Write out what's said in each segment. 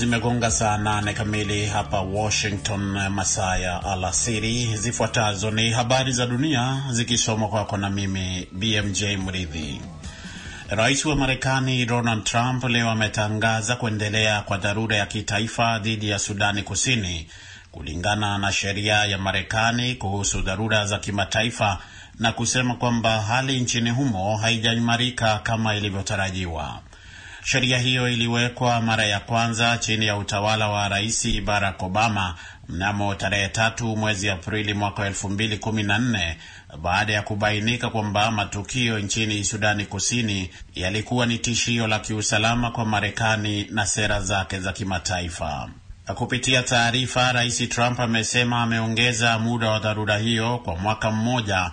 Zimegonga saa nane kamili hapa Washington, masaa ya alasiri. Zifuatazo ni habari za dunia zikisomwa kwako na mimi BMJ Mridhi. Rais wa Marekani Donald Trump leo ametangaza kuendelea kwa dharura ya kitaifa dhidi ya Sudani Kusini kulingana na sheria ya Marekani kuhusu dharura za kimataifa na kusema kwamba hali nchini humo haijaimarika kama ilivyotarajiwa. Sheria hiyo iliwekwa mara ya kwanza chini ya utawala wa Rais Barack Obama mnamo tarehe tatu mwezi Aprili mwaka elfu mbili kumi na nne baada ya kubainika kwamba matukio nchini Sudani Kusini yalikuwa ni tishio la kiusalama kwa Marekani na sera zake za kimataifa. Kupitia taarifa, Rais Trump amesema ameongeza muda wa dharura hiyo kwa mwaka mmoja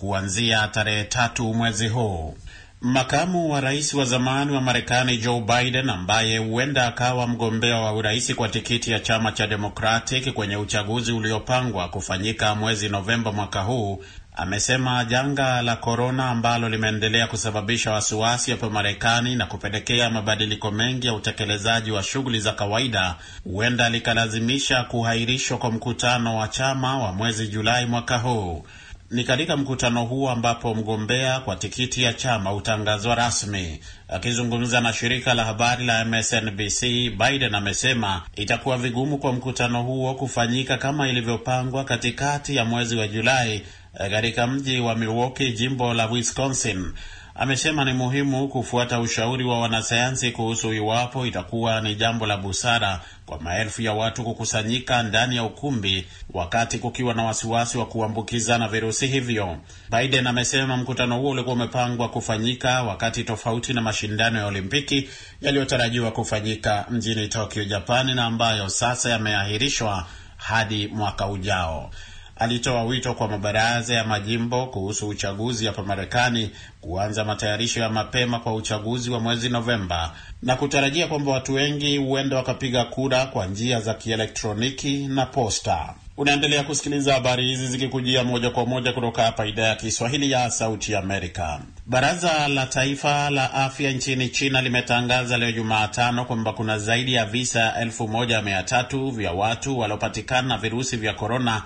kuanzia tarehe tatu mwezi huu. Makamu wa rais wa zamani wa Marekani Joe Biden ambaye huenda akawa mgombea wa urais kwa tikiti ya chama cha Democratic kwenye uchaguzi uliopangwa kufanyika mwezi Novemba mwaka huu amesema janga la korona ambalo limeendelea kusababisha wasiwasi hapa Marekani na kupelekea mabadiliko mengi ya utekelezaji wa shughuli za kawaida huenda likalazimisha kuhairishwa kwa mkutano wa chama wa mwezi Julai mwaka huu. Ni katika mkutano huo ambapo mgombea kwa tikiti ya chama hutangazwa rasmi. Akizungumza na shirika la habari la MSNBC, Biden amesema itakuwa vigumu kwa mkutano huo kufanyika kama ilivyopangwa katikati ya mwezi wa Julai eh, katika mji wa Milwaukee, jimbo la Wisconsin amesema ni muhimu kufuata ushauri wa wanasayansi kuhusu iwapo itakuwa ni jambo la busara kwa maelfu ya watu kukusanyika ndani ya ukumbi wakati kukiwa na wasiwasi wa kuambukizana virusi hivyo. Biden amesema mkutano huo ulikuwa umepangwa kufanyika wakati tofauti na mashindano ya Olimpiki yaliyotarajiwa kufanyika mjini Tokyo, Japani, na ambayo sasa yameahirishwa hadi mwaka ujao alitoa wito kwa mabaraza ya majimbo kuhusu uchaguzi hapa Marekani kuanza matayarisho ya mapema kwa uchaguzi wa mwezi Novemba na kutarajia kwamba watu wengi huenda wakapiga kura kwa njia za kielektroniki na posta. Unaendelea kusikiliza habari hizi zikikujia moja kwa moja kutoka hapa idhaa ya Kiswahili ya Sauti ya Amerika. Baraza la Taifa la Afya nchini China limetangaza leo Jumatano kwamba kuna zaidi ya visa elfu moja mia tatu vya watu waliopatikana na virusi vya korona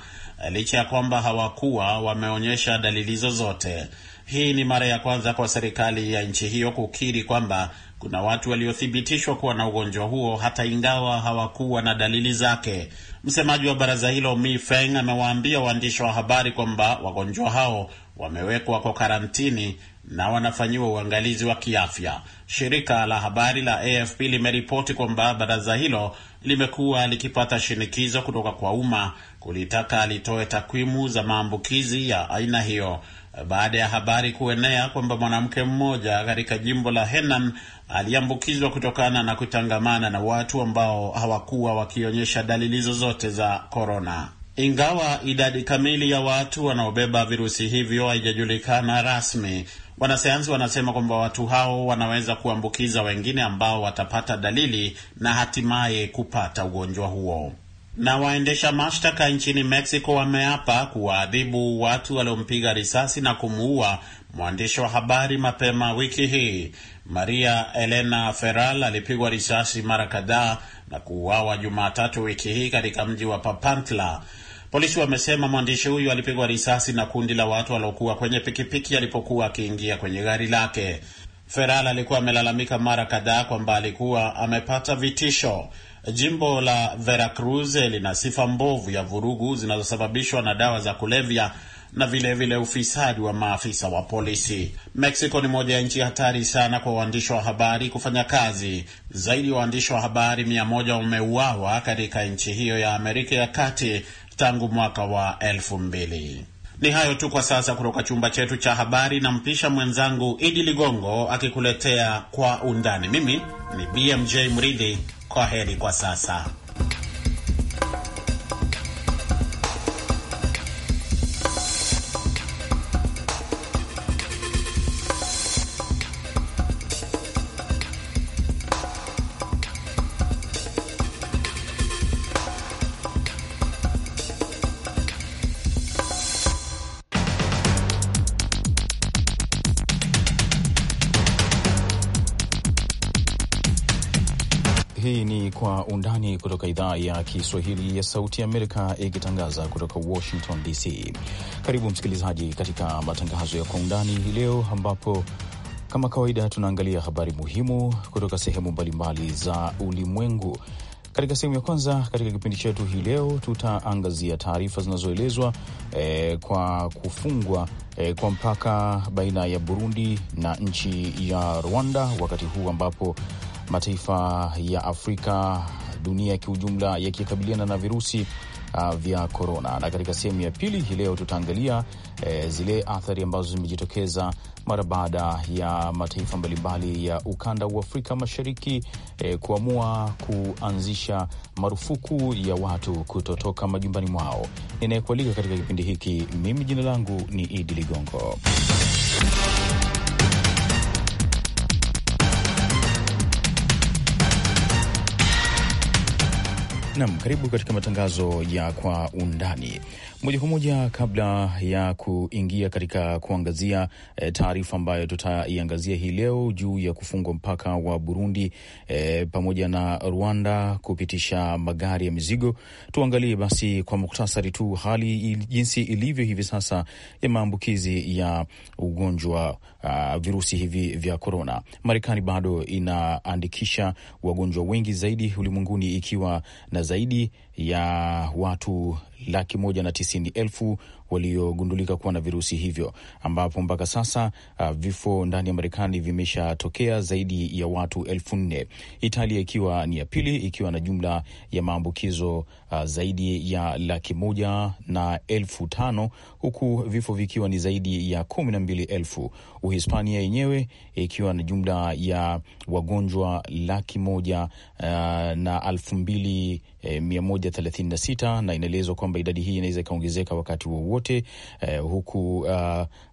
licha ya kwamba hawakuwa wameonyesha dalili zozote. Hii ni mara ya kwanza kwa serikali ya nchi hiyo kukiri kwamba kuna watu waliothibitishwa kuwa na ugonjwa huo hata ingawa hawakuwa na dalili zake. Msemaji wa baraza hilo Mi Feng amewaambia waandishi wa habari kwamba wagonjwa hao wamewekwa kwa karantini na wanafanyiwa uangalizi wa kiafya. Shirika la habari la AFP limeripoti kwamba baraza hilo limekuwa likipata shinikizo kutoka kwa umma kulitaka alitoe takwimu za maambukizi ya aina hiyo baada ya habari kuenea kwamba mwanamke mmoja katika jimbo la Henan aliambukizwa kutokana na kutangamana na watu ambao hawakuwa wakionyesha dalili zozote za korona. Ingawa idadi kamili ya watu wanaobeba virusi hivyo haijajulikana rasmi, wanasayansi wanasema kwamba watu hao wanaweza kuambukiza wengine ambao watapata dalili na hatimaye kupata ugonjwa huo. Na waendesha mashtaka nchini Mexico wameapa kuwaadhibu watu waliompiga risasi na kumuua mwandishi wa habari mapema wiki hii. Maria Elena Ferral alipigwa risasi mara kadhaa na kuuawa Jumatatu wiki hii katika mji wa Papantla. Polisi wamesema mwandishi huyu alipigwa risasi na kundi la watu waliokuwa kwenye pikipiki alipokuwa akiingia kwenye gari lake. Ferral alikuwa amelalamika mara kadhaa kwamba alikuwa amepata vitisho. Jimbo la Veracruz lina sifa mbovu ya vurugu zinazosababishwa na dawa za kulevya na vilevile vile ufisadi wa maafisa wa polisi. Mexico ni moja ya nchi hatari sana kwa waandishi wa habari kufanya kazi. Zaidi ya waandishi wa habari mia moja wameuawa katika nchi hiyo ya Amerika ya Kati tangu mwaka wa elfu mbili. Ni hayo tu kwa sasa kutoka chumba chetu cha habari, na mpisha mwenzangu Idi Ligongo akikuletea kwa undani. Mimi ni BMJ Mridhi. Kwa heri kwa sasa. hii kutoka idhaa ya Kiswahili ya Sauti ya Amerika ikitangaza kutoka Washington DC. Karibu msikilizaji katika matangazo ya Kwa Undani hii leo, ambapo kama kawaida tunaangalia habari muhimu kutoka sehemu mbalimbali za ulimwengu. Katika sehemu ya kwanza katika kipindi chetu hii leo tutaangazia taarifa zinazoelezwa e, kwa kufungwa e, kwa mpaka baina ya Burundi na nchi ya Rwanda, wakati huu ambapo mataifa ya Afrika dunia kiujumla yakikabiliana na virusi uh, vya korona. Na katika sehemu ya pili hii leo tutaangalia eh, zile athari ambazo zimejitokeza mara baada ya mataifa mbalimbali ya ukanda wa Afrika Mashariki eh, kuamua kuanzisha marufuku ya watu kutotoka majumbani mwao. Ninayekualika katika kipindi hiki mimi, jina langu ni Idi Ligongo. Nam, karibu katika matangazo ya kwa undani. Moja kwa moja kabla ya kuingia katika kuangazia e, taarifa ambayo tutaiangazia hii leo juu ya kufungwa mpaka wa Burundi e, pamoja na Rwanda kupitisha magari ya mizigo, tuangalie basi kwa muktasari tu hali jinsi ilivyo hivi sasa ya maambukizi ya ugonjwa uh, virusi hivi vya korona. Marekani bado inaandikisha wagonjwa wengi zaidi ulimwenguni ikiwa na zaidi ya watu laki moja na tisini elfu waliogundulika kuwa na virusi hivyo, ambapo mpaka sasa uh, vifo ndani ya Marekani vimeshatokea zaidi ya watu elfu nne Italia ikiwa ni ya pili ikiwa na jumla ya maambukizo uh, zaidi ya laki moja na elfu tano huku vifo vikiwa ni zaidi ya kumi na mbili elfu Uhispania yenyewe ikiwa na jumla ya wagonjwa laki moja uh, na elfu mbili eh, mia moja thelathini na sita na inaelezwa kwamba idadi hii inaweza ikaongezeka wakati wowote wote eh, huku uh,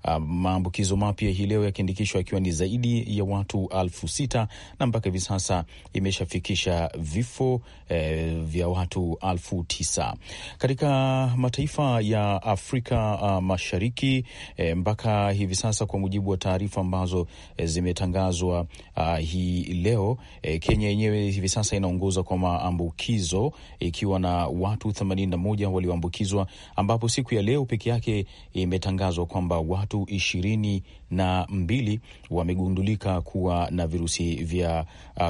uh, maambukizo mapya hii leo yakiandikishwa akiwa ni zaidi ya watu alfu sita na mpaka hivi sasa imeshafikisha vifo eh, vya watu alfu tisa katika mataifa ya Afrika uh, Mashariki eh, mpaka hivi sasa kwa mujibu wa taarifa ambazo eh, zimetangazwa uh, hii leo eh, Kenya yenyewe hivi sasa inaongoza kwa maambukizo ikiwa eh, na watu 81 walioambukizwa ambapo siku ya leo peke yake imetangazwa kwamba watu ishirini na mbili wamegundulika kuwa na virusi vya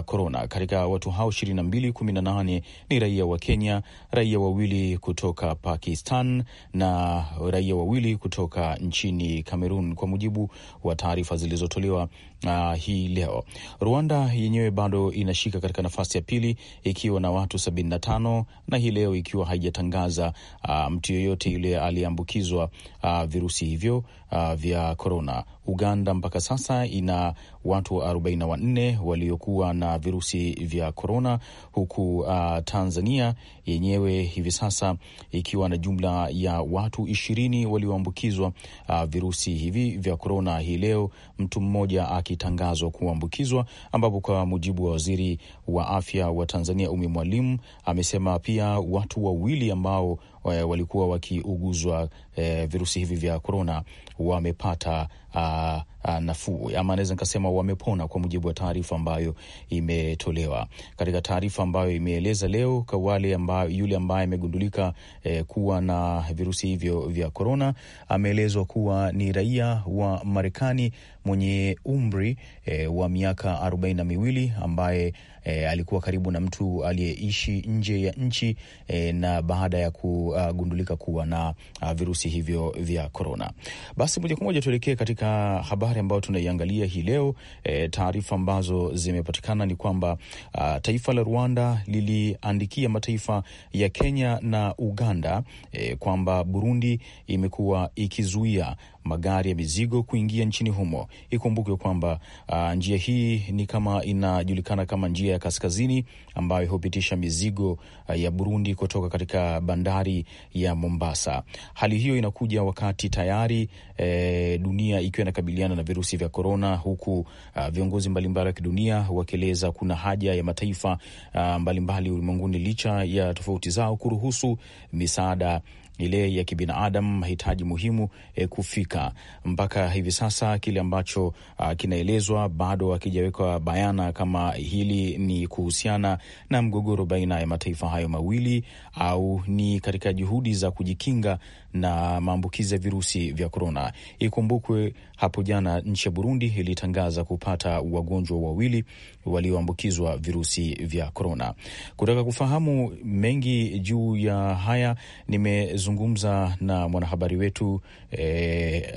korona. Uh, katika watu hao ishirini na mbili, kumi na nane ni raia wa Kenya, raia wawili kutoka Pakistan na raia wawili kutoka nchini Kamerun, kwa mujibu wa taarifa zilizotolewa uh, hii leo. Rwanda yenyewe bado inashika katika nafasi ya pili ikiwa na watu sabini na tano na hii leo ikiwa haijatangaza uh, mtu yoyote yule aliyeambukizwa uh, virusi hivyo uh, vya korona. Uganda mpaka sasa ina watu 44 waliokuwa na virusi vya korona, huku uh, Tanzania yenyewe hivi sasa ikiwa na jumla ya watu ishirini walioambukizwa uh, virusi hivi vya korona, hii leo mtu mmoja akitangazwa kuambukizwa, ambapo kwa mujibu wa waziri wa afya wa Tanzania Umi Mwalimu amesema pia watu wawili ambao Eh, walikuwa wakiuguzwa eh, virusi hivi vya korona wamepata ah, Uh, nafuu ama naweza nikasema wamepona, kwa mujibu wa taarifa ambayo imetolewa katika taarifa ambayo imeeleza leo kwa wale ambao, yule ambaye amegundulika eh, kuwa na virusi hivyo vya korona ameelezwa kuwa ni raia wa Marekani mwenye umri eh, wa miaka arobaini na miwili ambaye eh, alikuwa karibu na mtu aliyeishi nje ya nchi eh, na baada ya kugundulika kuwa na ah, virusi hivyo vya korona, basi moja kwa moja tuelekee katika habari habari ambayo tunaiangalia hii leo e, taarifa ambazo zimepatikana ni kwamba a, taifa la Rwanda liliandikia mataifa ya Kenya na Uganda e, kwamba Burundi imekuwa ikizuia magari ya mizigo kuingia nchini humo. Ikumbukwe kwamba uh, njia hii ni kama inajulikana kama njia ya kaskazini ambayo hupitisha mizigo uh, ya Burundi kutoka katika bandari ya Mombasa. Hali hiyo inakuja wakati tayari eh, dunia ikiwa inakabiliana na virusi vya korona, huku uh, viongozi mbalimbali wa kidunia wakieleza kuna haja ya mataifa uh, mbalimbali ulimwenguni licha ya tofauti zao kuruhusu misaada ile ya kibinadamu, mahitaji muhimu e, kufika mpaka hivi sasa. Kile ambacho ah, kinaelezwa bado hakijawekwa bayana kama hili ni kuhusiana na mgogoro baina ya mataifa hayo mawili au ni katika juhudi za kujikinga na maambukizi ya virusi vya korona. Ikumbukwe hapo jana nchi ya Burundi ilitangaza kupata wagonjwa wawili walioambukizwa virusi vya korona. Kutaka kufahamu mengi juu ya haya, nimezungumza na mwanahabari wetu eh,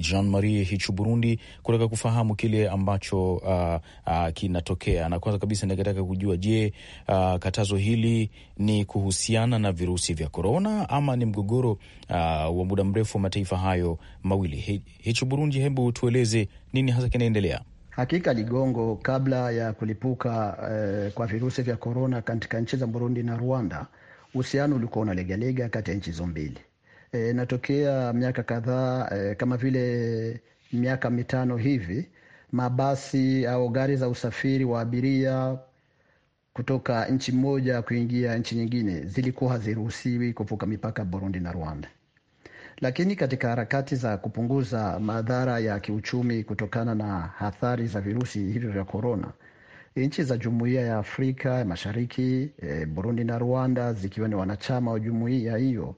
Jean Marie Hichu Burundi, kutaka kufahamu kile ambacho uh, uh, kinatokea, na kwanza kabisa nikataka kujua je, uh, katazo hili ni kuhusiana na virusi vya korona ama ni mgogoro uh, wa muda mrefu wa mataifa hayo mawili hicho Burundi. Hebu tueleze nini hasa kinaendelea? Hakika Ligongo, kabla ya kulipuka eh, kwa virusi vya korona katika nchi za Burundi na Rwanda, uhusiano ulikuwa unalegalega kati ya nchi hizo mbili e, eh, natokea miaka kadhaa e, kama vile miaka mitano hivi, mabasi au gari za usafiri wa abiria kutoka nchi moja kuingia nchi nyingine zilikuwa haziruhusiwi kuvuka mipaka Burundi na Rwanda. Lakini katika harakati za kupunguza madhara ya kiuchumi kutokana na athari za virusi hivyo vya korona, nchi za jumuiya ya Afrika ya Mashariki, e, Burundi na Rwanda zikiwa ni wanachama wa jumuiya hiyo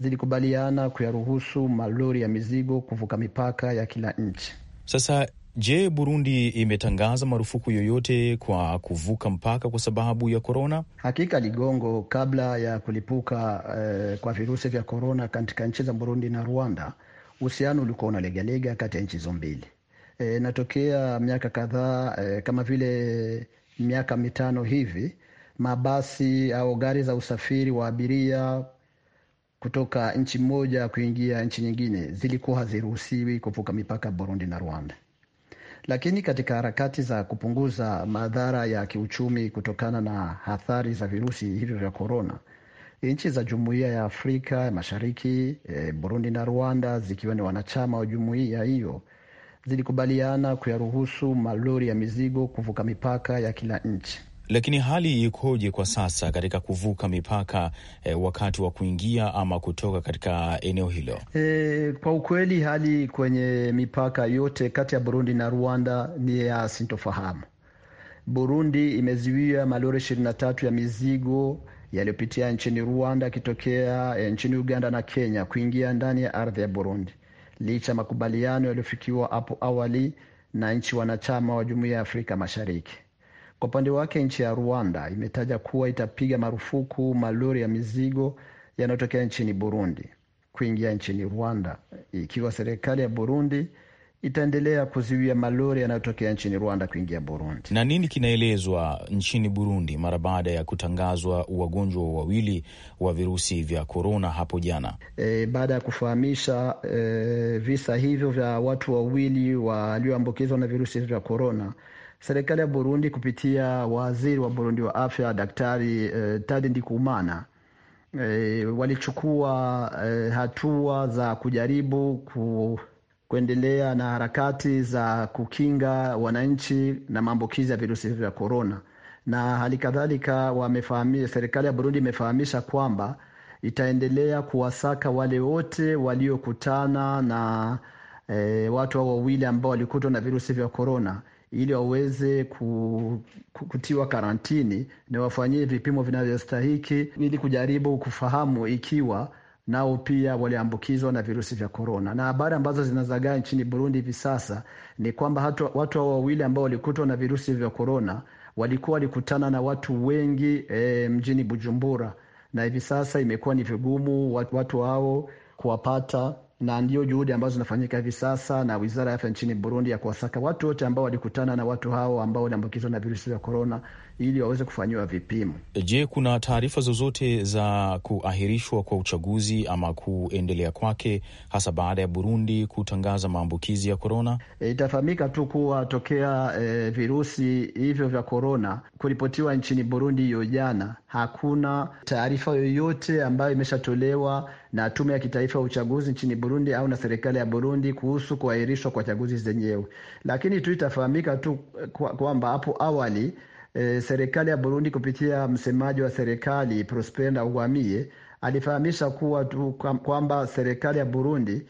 zilikubaliana kuyaruhusu malori ya mizigo kuvuka mipaka ya kila nchi. Sasa Je, Burundi imetangaza marufuku yoyote kwa kuvuka mpaka kwa sababu ya korona? Hakika Ligongo, kabla ya kulipuka eh, kwa virusi vya korona katika nchi za Burundi na Rwanda, uhusiano ulikuwa unalegalega kati ya nchi hizo mbili eh, natokea miaka kadhaa eh, kama vile miaka mitano hivi, mabasi au gari za usafiri wa abiria kutoka nchi moja kuingia nchi nyingine zilikuwa haziruhusiwi kuvuka mipaka Burundi na Rwanda. Lakini katika harakati za kupunguza madhara ya kiuchumi kutokana na athari za virusi hivyo vya korona, nchi za jumuiya ya Afrika ya Mashariki, e, Burundi na Rwanda zikiwa ni wanachama wa jumuiya hiyo zilikubaliana kuyaruhusu malori ya mizigo kuvuka mipaka ya kila nchi. Lakini hali ikoje kwa sasa katika kuvuka mipaka e, wakati wa kuingia ama kutoka katika eneo hilo? E, kwa ukweli hali kwenye mipaka yote kati ya Burundi na Rwanda ni ya sintofahamu. Burundi imezuia malori ishirini na tatu ya mizigo yaliyopitia nchini Rwanda akitokea eh, nchini Uganda na Kenya kuingia ndani ya ardhi ya Burundi licha ya makubaliano yaliyofikiwa hapo awali na nchi wanachama wa Jumuiya ya Afrika Mashariki. Kwa upande wake, nchi ya Rwanda imetaja kuwa itapiga marufuku malori ya mizigo yanayotokea nchini Burundi kuingia nchini Rwanda ikiwa serikali ya Burundi itaendelea kuzuia malori yanayotokea nchini Rwanda kuingia Burundi. Na nini kinaelezwa nchini Burundi mara baada ya kutangazwa wagonjwa wawili wa virusi vya korona hapo jana? E, baada ya kufahamisha e, visa hivyo vya watu wawili walioambukizwa na virusi vya korona serikali ya Burundi kupitia waziri wa Burundi wa afya Daktari eh, Tadi Ndikumana eh, walichukua eh, hatua za kujaribu ku, kuendelea na harakati za kukinga wananchi na maambukizi ya virusi vya korona, na hali kadhalika wamefahamisha, serikali ya Burundi imefahamisha kwamba itaendelea kuwasaka wale wote waliokutana na eh, watu hao wawili ambao walikutwa na virusi vya korona ili waweze kutiwa karantini na wafanyie vipimo vinavyostahiki ili kujaribu kufahamu ikiwa nao pia waliambukizwa na virusi vya korona. Na habari ambazo zinazagaa nchini Burundi hivi sasa ni kwamba hatu, watu hao wawili ambao walikutwa na virusi vya korona walikuwa walikutana na watu wengi e, mjini Bujumbura, na hivi sasa imekuwa ni vigumu watu hao kuwapata na ndio juhudi ambazo zinafanyika hivi sasa na wizara ya afya nchini Burundi ya kuwasaka watu wote ambao walikutana na watu hao ambao waliambukizwa na virusi vya korona ili waweze kufanyiwa vipimo. Je, kuna taarifa zozote za kuahirishwa kwa uchaguzi ama kuendelea kwake hasa baada ya Burundi kutangaza maambukizi ya korona? E, itafahamika tu kuwa tokea e, virusi hivyo vya korona kuripotiwa nchini Burundi hiyo jana hakuna taarifa yoyote ambayo imeshatolewa na tume ya kitaifa ya uchaguzi nchini Burundi au na serikali ya Burundi kuhusu kuahirishwa kwa chaguzi zenyewe, lakini tu itafahamika tu kwamba hapo awali e, serikali ya Burundi kupitia msemaji wa serikali Prosper Ndawamie alifahamisha kuwa tu kwamba serikali ya Burundi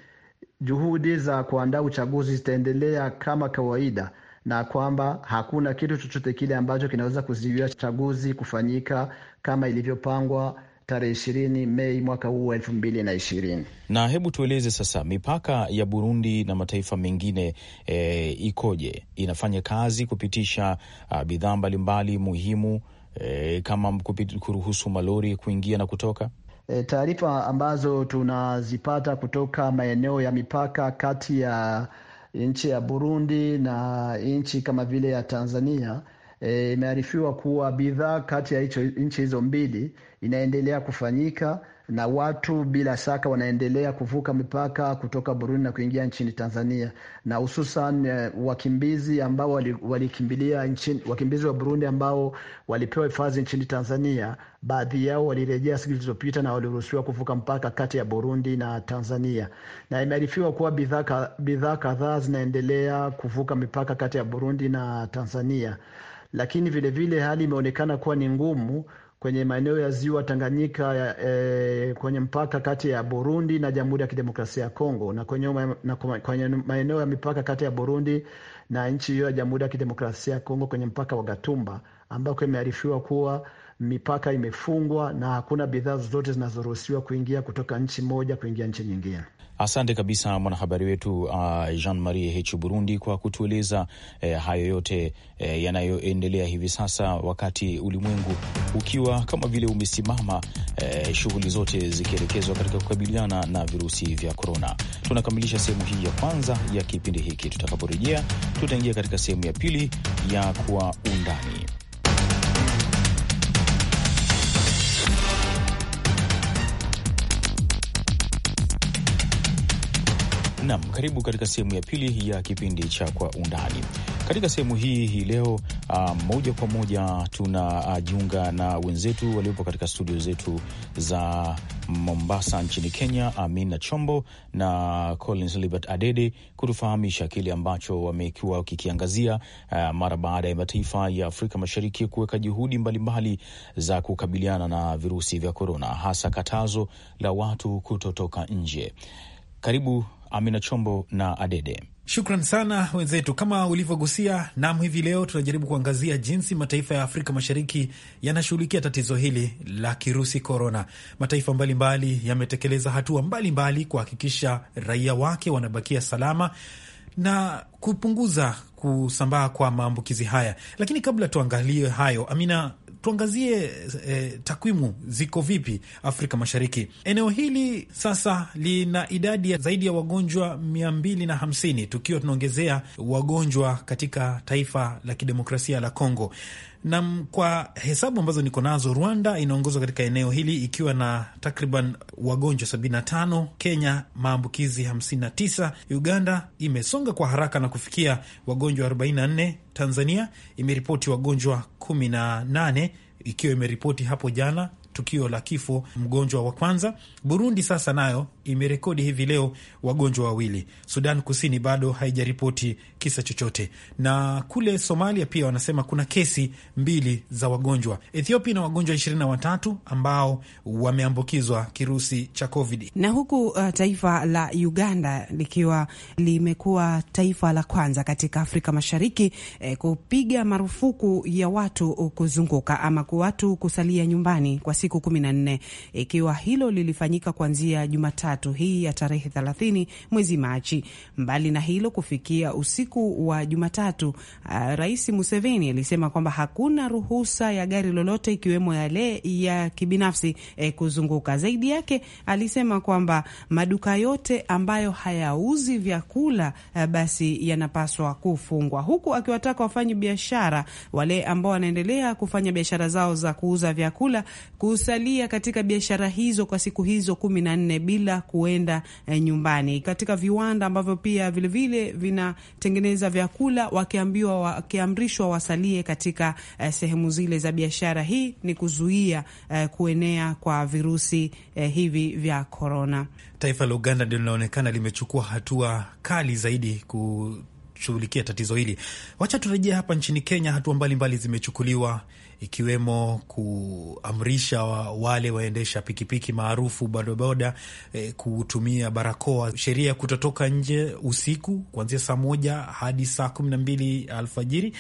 juhudi za kuandaa uchaguzi zitaendelea kama kawaida na kwamba hakuna kitu chochote kile ambacho kinaweza kuzuia chaguzi kufanyika kama ilivyopangwa tarehe ishirini Mei mwaka huu wa elfu mbili na ishirini. Na hebu tueleze sasa mipaka ya Burundi na mataifa mengine e, ikoje? Inafanya kazi kupitisha ah, bidhaa mbalimbali muhimu e, kama kupiti, kuruhusu malori kuingia na kutoka? E, taarifa ambazo tunazipata kutoka maeneo ya mipaka kati ya nchi ya Burundi na nchi kama vile ya Tanzania E, imearifiwa kuwa bidhaa kati ya nchi hizo mbili inaendelea kufanyika na watu bila shaka wanaendelea kuvuka mipaka kutoka Burundi na kuingia nchini Tanzania, na hususan e, wakimbizi ambao walikimbilia wali nchini, wakimbizi wa Burundi ambao walipewa hifadhi nchini Tanzania, baadhi yao walirejea siku zilizopita na waliruhusiwa kuvuka mpaka kati ya Burundi na Tanzania, na imearifiwa kuwa bidhaa kadhaa zinaendelea kuvuka mipaka kati ya Burundi na Tanzania lakini vilevile vile hali imeonekana kuwa ni ngumu kwenye maeneo ya ziwa Tanganyika ya, eh, kwenye mpaka kati ya Burundi na Jamhuri ya Kidemokrasia ya Kongo na kwenye, na kwenye maeneo ya mipaka kati ya Burundi na nchi hiyo ya Jamhuri ya Kidemokrasia ya Kongo kwenye mpaka wa Gatumba ambako imearifiwa kuwa mipaka imefungwa na hakuna bidhaa zozote zinazoruhusiwa kuingia kutoka nchi moja kuingia nchi nyingine. Asante kabisa mwanahabari wetu uh, Jean Marie H Burundi kwa kutueleza eh, hayo yote eh, yanayoendelea hivi sasa, wakati ulimwengu ukiwa kama vile umesimama, eh, shughuli zote zikielekezwa katika kukabiliana na virusi vya korona. Tunakamilisha sehemu hii ya kwanza ya kipindi hiki. Tutakaporejea tutaingia katika sehemu ya pili ya kwa undani. Nam, karibu katika sehemu ya pili ya kipindi cha Kwa Undani. Katika sehemu hii hii leo uh, moja kwa moja tunajiunga uh, na wenzetu waliopo katika studio zetu za Mombasa nchini Kenya, Amina Chombo na Collins Libert Adede kutufahamisha kile ambacho wamekuwa wakikiangazia uh, mara baada ya mataifa ya Afrika Mashariki kuweka juhudi mbalimbali mbali za kukabiliana na virusi vya korona, hasa katazo la watu kutotoka nje. Karibu Amina Chombo na Adede. Shukran sana wenzetu, kama ulivyogusia nam, hivi leo tunajaribu kuangazia jinsi mataifa ya Afrika Mashariki yanashughulikia tatizo hili la kirusi korona. Mataifa mbalimbali yametekeleza hatua mbalimbali kuhakikisha raia wake wanabakia salama na kupunguza kusambaa kwa maambukizi haya, lakini kabla tuangalie hayo, Amina, tuangazie eh, takwimu ziko vipi Afrika Mashariki. Eneo hili sasa lina idadi ya zaidi ya wagonjwa mia mbili na hamsini tukiwa tunaongezea wagonjwa katika taifa la kidemokrasia la congo na kwa hesabu ambazo niko nazo, Rwanda inaongozwa katika eneo hili ikiwa na takriban wagonjwa 75, Kenya maambukizi 59, Uganda imesonga kwa haraka na kufikia wagonjwa 44, Tanzania imeripoti wagonjwa 18 ikiwa imeripoti hapo jana tukio la kifo mgonjwa wa kwanza. Burundi sasa nayo imerekodi hivi leo wagonjwa wawili. Sudan Kusini bado haijaripoti kisa chochote, na kule Somalia pia wanasema kuna kesi mbili za wagonjwa. Ethiopia ina wagonjwa ishirini na watatu ambao wameambukizwa kirusi cha COVID. Na huku uh, taifa la Uganda likiwa limekuwa taifa la kwanza katika Afrika Mashariki eh, kupiga marufuku ya watu kuzunguka ama watu kusalia nyumbani kwa siku kumi na nne ikiwa eh, hilo lilifanyika kuanzia Jumatatu Jumatatu hii ya tarehe 30 mwezi Machi. Mbali na hilo, kufikia usiku wa Jumatatu, uh, Rais Museveni alisema kwamba hakuna ruhusa ya gari lolote ikiwemo yale ya kibinafsi eh, kuzunguka. Zaidi yake alisema kwamba maduka yote ambayo hayauzi vyakula uh, basi yanapaswa kufungwa, huku akiwataka wafanyi biashara wale ambao wanaendelea kufanya biashara zao za kuuza vyakula kusalia katika biashara hizo kwa siku hizo kumi na nne bila kuenda eh, nyumbani, katika viwanda ambavyo pia vilevile vinatengeneza vyakula, wakiambiwa wakiamrishwa wasalie katika eh, sehemu zile za biashara. Hii ni kuzuia eh, kuenea kwa virusi eh, hivi vya korona. Taifa la Uganda ndio linaonekana limechukua hatua kali zaidi ku kushughulikia tatizo hili. Wacha turejee hapa nchini Kenya. Hatua mbalimbali zimechukuliwa ikiwemo kuamrisha wale waendesha pikipiki maarufu bodaboda e, kutumia barakoa, sheria ya kutotoka nje usiku kuanzia saa moja hadi saa kumi na mbili alfajiri,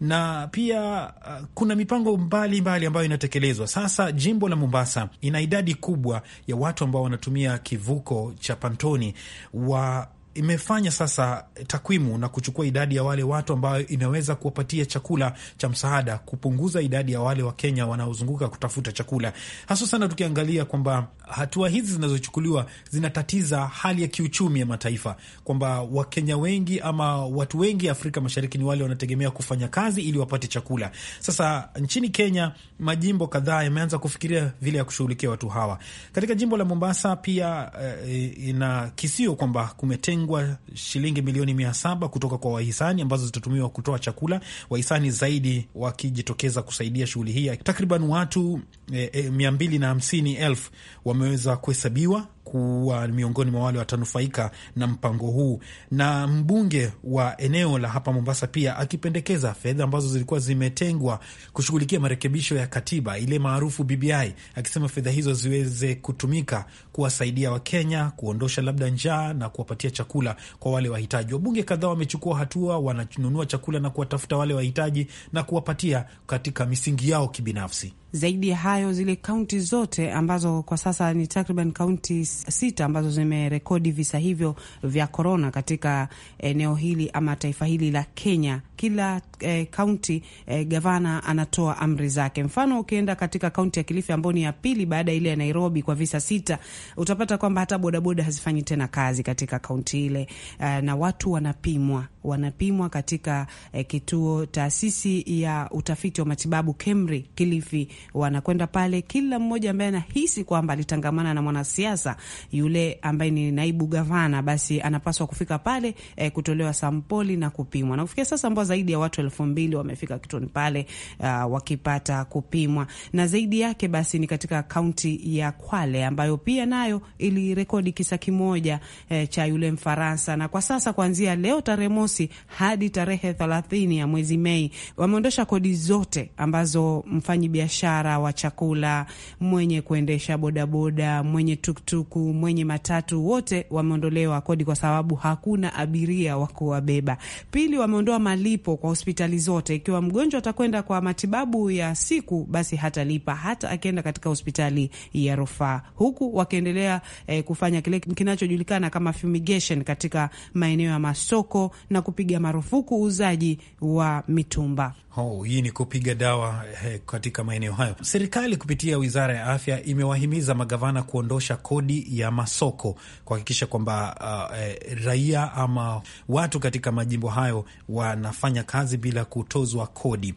na pia eh, kuna mipango mbalimbali mbali ambayo inatekelezwa sasa. Jimbo la Mombasa ina idadi kubwa ya watu ambao wanatumia kivuko cha Pantoni wa imefanya sasa takwimu na kuchukua idadi ya wale watu ambayo inaweza kuwapatia chakula cha msaada, kupunguza idadi ya wale wa Kenya wanaozunguka kutafuta chakula, hasa sana tukiangalia kwamba hatua hizi zinazochukuliwa zinatatiza hali ya kiuchumi ya mataifa, kwamba Wakenya wengi ama watu wengi Afrika Mashariki ni wale wanategemea kufanya kazi ili wapate chakula. Sasa nchini Kenya, majimbo kadhaa yameanza kufikiria vile ya kushughulikia watu hawa. Katika jimbo la Mombasa pia e, eh, inakisio kwamba kumetenga imetengwa shilingi milioni mia saba kutoka kwa wahisani ambazo zitatumiwa kutoa chakula, wahisani zaidi wakijitokeza kusaidia shughuli hii. Takriban watu eh, eh, mia mbili na hamsini elfu wameweza kuhesabiwa kuwa miongoni mwa wale watanufaika na mpango huu, na mbunge wa eneo la hapa Mombasa pia akipendekeza fedha ambazo zilikuwa zimetengwa kushughulikia marekebisho ya katiba ile maarufu BBI, akisema fedha hizo ziweze kutumika kuwasaidia Wakenya kuondosha labda njaa na kuwapatia chakula kwa wale wahitaji. Wabunge kadhaa wamechukua hatua, wananunua chakula na kuwatafuta wale wahitaji na kuwapatia katika misingi yao kibinafsi. Zaidi ya hayo, zile kaunti zote ambazo kwa sasa ni takriban kaunti sita ambazo zimerekodi visa hivyo vya korona katika eneo hili ama taifa hili la Kenya, kila eh, kaunti eh, eh, gavana anatoa amri zake. Mfano, ukienda katika kaunti ya Kilifi ambayo ni ya pili baada ya ile ya Nairobi kwa visa sita, utapata kwamba hata bodaboda hazifanyi tena kazi katika kaunti ile eh, na watu wanapimwa wanapimwa katika eh, kituo taasisi ya utafiti wa matibabu KEMRI Kilifi wanakwenda pale, kila mmoja ambaye anahisi kwamba alitangamana na mwanasiasa yule ambaye ni naibu gavana, basi anapaswa kufika pale eh, kutolewa sampoli na kupimwa. Na kufikia sasa ambao zaidi ya watu elfu mbili wamefika kituoni pale uh, wakipata kupimwa, na zaidi yake basi ni katika kaunti ya Kwale ambayo pia nayo ilirekodi kisa kimoja eh, cha yule Mfaransa, na kwa sasa kuanzia leo tarehe mosi hadi tarehe thelathini ya mwezi Mei wameondosha kodi zote ambazo mfanyi biashara biashara wa chakula, mwenye kuendesha bodaboda, mwenye tuktuku, mwenye matatu, wote wameondolewa kodi kwa sababu hakuna abiria wa kuwabeba. Pili, wameondoa malipo kwa hospitali zote. Ikiwa mgonjwa atakwenda kwa matibabu ya siku, basi hatalipa hata akienda katika hospitali ya rufaa, huku wakiendelea eh, kufanya kile kinachojulikana kama fumigation katika maeneo ya masoko na kupiga marufuku uuzaji wa mitumba. Oh, hii ni kupiga dawa eh, katika maeneo hayo. Serikali kupitia wizara ya afya imewahimiza magavana kuondosha kodi ya masoko kuhakikisha kwamba uh, eh, raia ama watu katika majimbo hayo wanafanya kazi bila kutozwa kodi.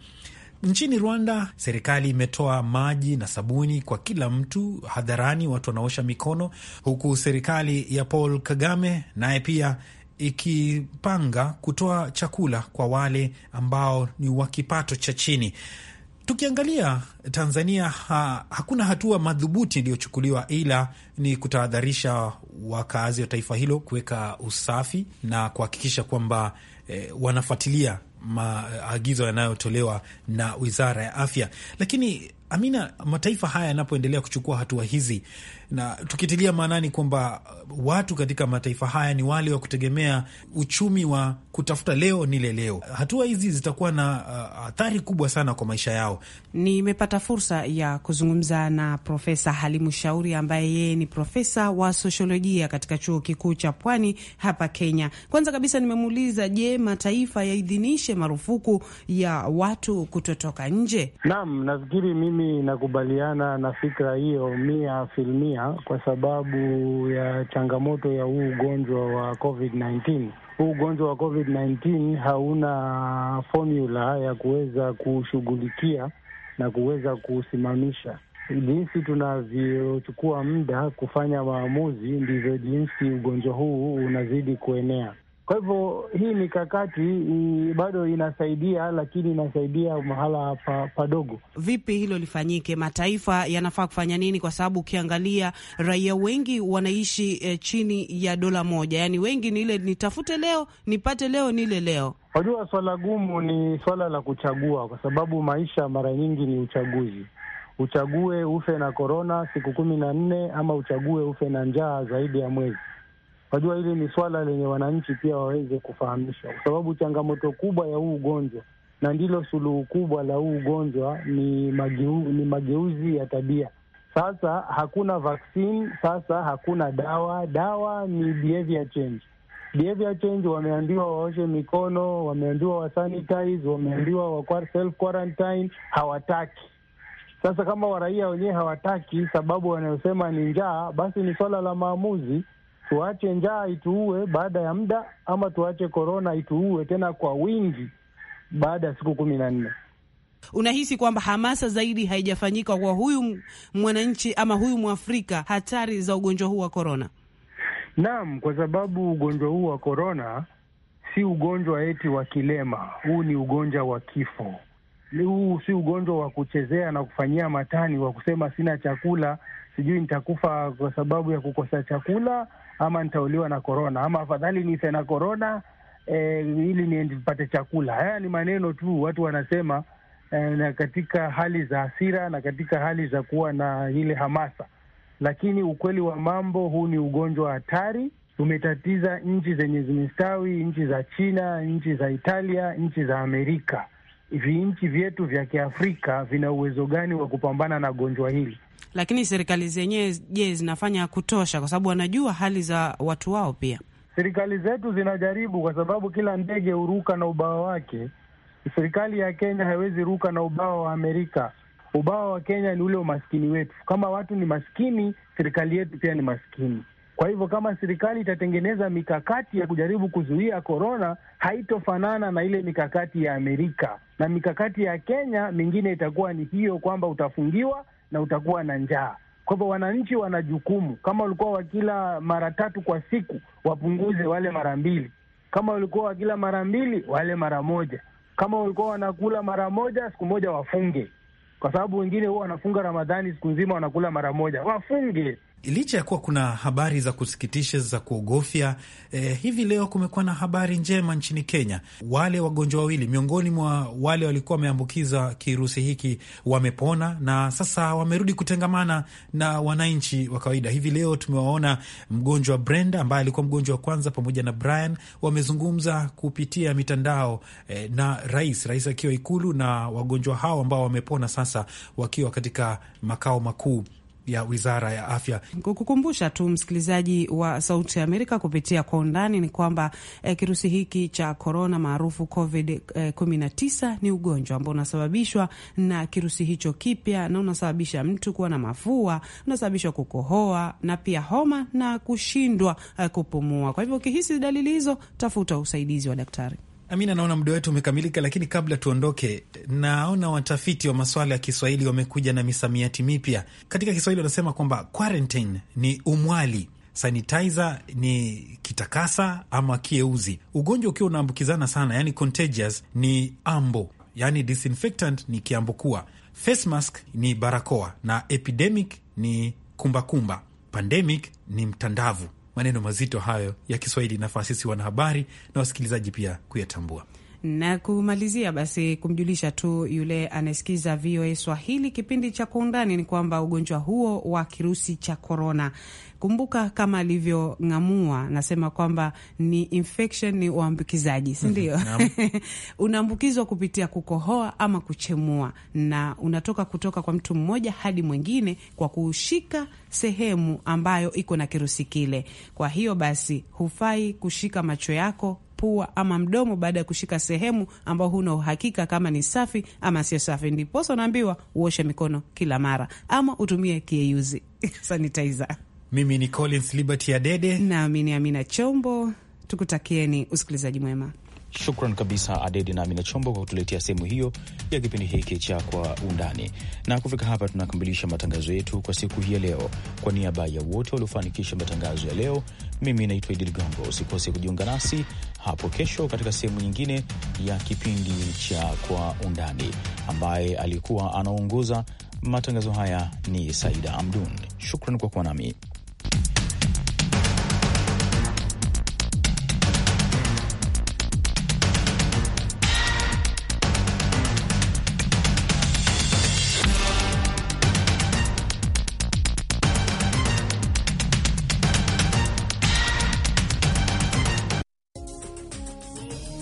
Nchini Rwanda, serikali imetoa maji na sabuni kwa kila mtu hadharani, watu wanaosha mikono, huku serikali ya Paul Kagame naye pia ikipanga kutoa chakula kwa wale ambao ni wa kipato cha chini. Tukiangalia Tanzania ha, hakuna hatua madhubuti iliyochukuliwa ila ni kutahadharisha wakaazi wa taifa hilo kuweka usafi na kuhakikisha kwamba eh, wanafuatilia maagizo yanayotolewa na Wizara ya Afya. Lakini Amina, mataifa haya yanapoendelea kuchukua hatua hizi na tukitilia maanani kwamba uh, watu katika mataifa haya ni wale wa kutegemea uchumi wa kutafuta leo nile leo, hatua hizi zitakuwa na uh, athari kubwa sana kwa maisha yao. Nimepata fursa ya kuzungumza na Profesa Halimu Shauri ambaye yeye ni profesa wa sosiolojia katika chuo kikuu cha Pwani hapa Kenya. Kwanza kabisa nimemuuliza, je, mataifa yaidhinishe marufuku ya watu kutotoka nje? Naam, nafikiri mimi nakubaliana na fikra hiyo mia filmia Kenya kwa sababu ya changamoto ya huu ugonjwa wa COVID-19. Huu ugonjwa wa COVID-19 hauna formula ya kuweza kushughulikia na kuweza kusimamisha. Jinsi tunavyochukua muda kufanya maamuzi, ndivyo jinsi ugonjwa huu unazidi kuenea. Kwa hivyo hii mikakati bado inasaidia, lakini inasaidia mahala pa, padogo. Vipi hilo lifanyike? Mataifa yanafaa kufanya nini? Kwa sababu ukiangalia raia wengi wanaishi eh, chini ya dola moja, yaani wengi ni ile nitafute leo nipate leo nile leo. Wajua, swala gumu ni swala la kuchagua, kwa sababu maisha mara nyingi ni uchaguzi uchague ufe na korona siku kumi na nne ama uchague ufe na njaa zaidi ya mwezi. Najua hili ni swala lenye wananchi pia waweze kufahamishwa, kwa sababu changamoto kubwa ya huu ugonjwa na ndilo suluhu kubwa la huu ugonjwa ni mageu, ni mageuzi ya tabia. Sasa hakuna vaccine, sasa hakuna dawa. Dawa ni behavior change. Behavior change, wameambiwa waoshe mikono, wameambiwa wasanitize, wameambiwa wa self quarantine, hawataki. Sasa kama waraia wenyewe hawataki, sababu wanayosema ni njaa, basi ni swala la maamuzi tuache njaa ituue baada ya muda, ama tuache korona ituue tena kwa wingi baada ya siku kumi na nne. Unahisi kwamba hamasa zaidi haijafanyika kwa huyu mwananchi ama huyu Mwafrika hatari za ugonjwa huu wa korona? Naam, kwa sababu ugonjwa huu wa korona si ugonjwa eti wa kilema. Huu ni ugonjwa wa kifo. Huu si ugonjwa wa kuchezea na kufanyia matani, wa kusema sina chakula, sijui nitakufa kwa sababu ya kukosa chakula ama nitauliwa na korona, ama afadhali nife na korona e, eh, ili nipate chakula. Haya ni maneno tu watu wanasema e, na katika hali za hasira na katika hali za kuwa na ile hamasa, lakini ukweli wa mambo, huu ni ugonjwa hatari umetatiza nchi zenye zimestawi, nchi za China, nchi za Italia, nchi za Amerika vinchi vyetu vya Kiafrika vina uwezo gani wa kupambana na gonjwa hili. Lakini serikali zenyewe, je, zinafanya kutosha? Kwa sababu wanajua hali za watu wao. Pia serikali zetu zinajaribu, kwa sababu kila ndege huruka na ubawa wake. Serikali ya Kenya haiwezi ruka na ubawa wa Amerika. Ubawa wa Kenya ni ule umaskini wetu. Kama watu ni maskini, serikali yetu pia ni maskini. Kwa hivyo kama serikali itatengeneza mikakati ya kujaribu kuzuia korona, haitofanana na ile mikakati ya Amerika na mikakati ya Kenya. Mingine itakuwa ni hiyo kwamba utafungiwa na utakuwa na njaa. Kwa hivyo wananchi wana jukumu, kama walikuwa wakila mara tatu kwa siku, wapunguze wale mara mbili. Kama walikuwa wakila mara mbili, wale mara moja. Kama walikuwa wanakula mara moja, siku moja wafunge, kwa sababu wengine huwa wanafunga Ramadhani siku nzima, wanakula mara moja, wafunge licha ya kuwa kuna habari za kusikitisha za kuogofya eh, hivi leo kumekuwa na habari njema nchini Kenya. Wale wagonjwa wawili miongoni mwa wale walikuwa wameambukiza kirusi hiki wamepona na sasa wamerudi kutengamana na wananchi wa kawaida. Hivi leo tumewaona mgonjwa Brenda ambaye alikuwa mgonjwa wa kwanza pamoja na Brian, wamezungumza kupitia mitandao eh, na rais, rais akiwa Ikulu na wagonjwa hao ambao wamepona sasa wakiwa katika makao makuu ya wizara ya afya. Kukukumbusha tu msikilizaji wa Sauti ya Amerika kupitia kwa undani ni kwamba eh, kirusi hiki cha korona maarufu Covid eh, 19 ni ugonjwa ambao unasababishwa na kirusi hicho kipya, na unasababisha mtu kuwa na mafua, unasababishwa kukohoa na pia homa na kushindwa eh, kupumua. Kwa hivyo ukihisi dalili hizo, tafuta usaidizi wa daktari. Amina, naona muda wetu umekamilika, lakini kabla tuondoke, naona watafiti wa maswala ya Kiswahili wamekuja na misamiati mipya katika Kiswahili. Wanasema kwamba quarantine ni umwali, sanitizer ni kitakasa ama kieuzi. Ugonjwa ukiwa unaambukizana sana, yani contagious, ni ambo, yani disinfectant ni kiambukua, face mask ni barakoa, na epidemic ni kumbakumba kumba. Pandemic ni mtandavu maneno mazito hayo ya Kiswahili, nafaa sisi wanahabari na wasikilizaji pia kuyatambua na kumalizia basi kumjulisha tu yule anayesikiza VOA Swahili kipindi cha Kwa Undani ni kwamba ugonjwa huo wa kirusi cha korona, kumbuka kama alivyong'amua nasema kwamba ni infection, ni uambukizaji, si mhm, ndio? Unaambukizwa kupitia kukohoa ama kuchemua, na unatoka kutoka kwa mtu mmoja hadi mwingine kwa kushika sehemu ambayo iko na kirusi kile. Kwa hiyo basi hufai kushika macho yako pua ama mdomo baada ya kushika sehemu ambao huna uhakika kama ni safi ama sio safi, ndiposa unaambiwa uoshe mikono kila mara ama utumie kieyuzi sanitizer. Mimi ni Collins Liberty Adede nami ni Amina Chombo, tukutakieni usikilizaji mwema. Shukran kabisa Adedi na Amina Chombo kwa kutuletea sehemu hiyo ya kipindi hiki cha Kwa Undani. Na kufika hapa, tunakamilisha matangazo yetu kwa siku hii ya leo. Kwa niaba ya wote waliofanikisha matangazo ya leo, mimi naitwa Idi Ligongo. Usikose kujiunga nasi hapo kesho katika sehemu nyingine ya kipindi cha Kwa Undani. Ambaye alikuwa anaongoza matangazo haya ni Saida Amdun. Shukran kwa kuwa nami.